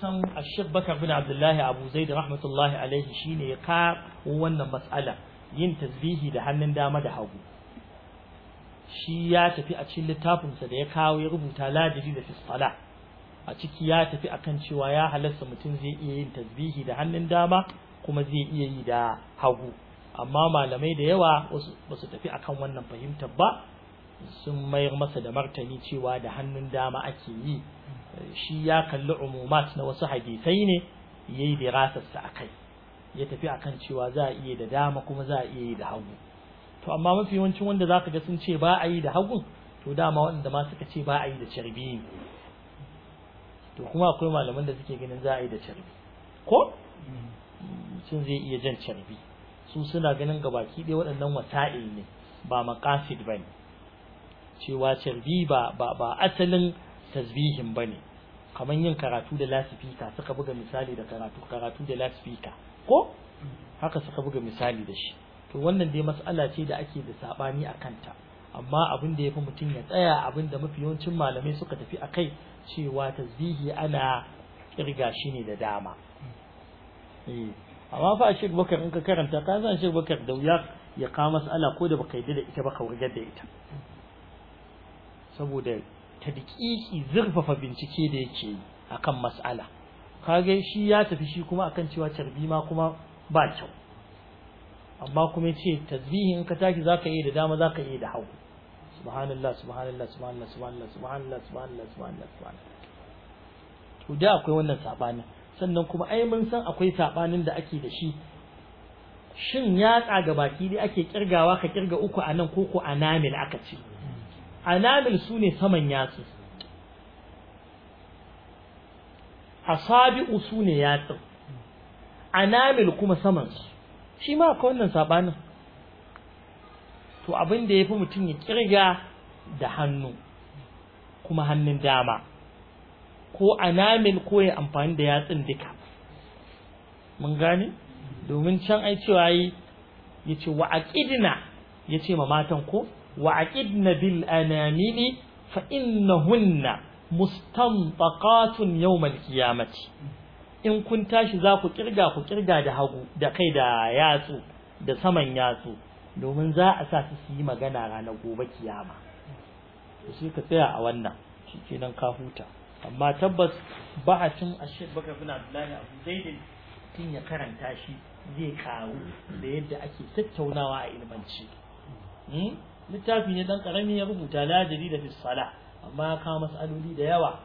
san ashir bakar bin abdullahi abu zai da rahmatullahi alaihi shine ya ka wannan matsala yin tasbihi da hannun dama da hagu shi ya tafi a cikin littafinsa da ya kawo ya rubuta ladiri da fisala a ciki ya tafi akan cewa ya halasta mutum zai iya yin tasbihi da hannun dama kuma zai iya yi da hagu amma malamai da yawa ba su tafi akan wannan fahimtar ba sun mayar masa da martani cewa da hannun dama ake yi shi ya kalli umumat na wasu hadisai ne ya yi dirasarsa a kai ya tafi akan cewa za a iya da dama kuma za a iya yi da hagu to amma mafi yawancin wanda za ka ga sun ce ba a yi da hagu to dama wanda ma suka ce ba a yi da carbi to kuma akwai malaman da suke ganin za a yi da carbi ko sun zai iya jan carbi su suna ganin gabaki ɗaya waɗannan wasa'il ne ba maqasid bane cewa tarbi ba ba asalin tasbihin bane kamar yin karatu da lasifika suka buga misali da karatu karatu da lasifika ko haka suka buga misali da shi to wannan dai mas'ala ce da ake da sabani a kanta amma abin da yafi mutum ya tsaya abin da mafi yawancin malamai suka tafi akai cewa tasbihi ana kirga shi ne da dama eh, amma fa Sheikh Bakar in ka karanta ka san Sheikh Bakar da wuya ya kawo mas'ala ko da baka yi da ita ba ka wurgar da ita saboda ta diƙiƙi zurfafa bincike da yake yi akan mas'ala kage shi ya tafi shi kuma akan cewa carbi ma kuma ba kyau amma kuma yace tasbihi in ka taki zaka yi da dama zaka yi da hagu subhanallah subhanallah subhanallah subhanallah subhanallah subhanallah subhanallah subhanallah to da akwai wannan sabanin sannan kuma ai mun san akwai sabanin da ake da shi shin yatsa ga baki dai ake kirgawa ka kirga uku a nan ko ko a namin aka ce anamil su ne saman yatsu asabi'u su ne yatsu anamil kuma saman su shi ma akwai wannan sabanin to abin da yafi mutum ya kirga da hannu kuma hannun dama ko anamil ko ya amfani da yatsun duka mun gane domin can ai cewa yi yace wa ya yace ma matan ko وعقدن بالأنامل فإنهن مستنطقات يوم القيامة in kun tashi za ku kirga ku kirga da hagu da kai da yatsu da saman yatsu domin za a sa su yi magana ranar gobe kiyama to shi ka tsaya a wannan shi kenan ka huta amma tabbas ba a cin ashir baka bin abdullahi abu zaidin tun ya karanta shi zai ƙaru da yadda ake tattaunawa a ilmanci littafi ne dan karami ya rubuta la da fi amma amma ka mas'aloli da yawa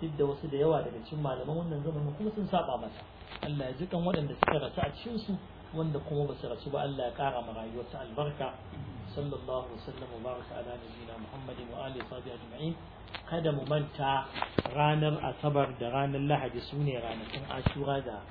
duk da wasu da yawa daga cikin malaman wannan zamanin kuma sun saba masa Allah ya jikan waɗanda suka rasu a cikin su wanda kuma ba su rasu ba Allah ya ƙara ma rayuwarsa albarka sallallahu alaihi wasallam wa baraka ala nabiyina muhammadin wa alihi sahbihi ajma'in kada mu manta ranar asabar da ranar lahadi sune ranakun ashura da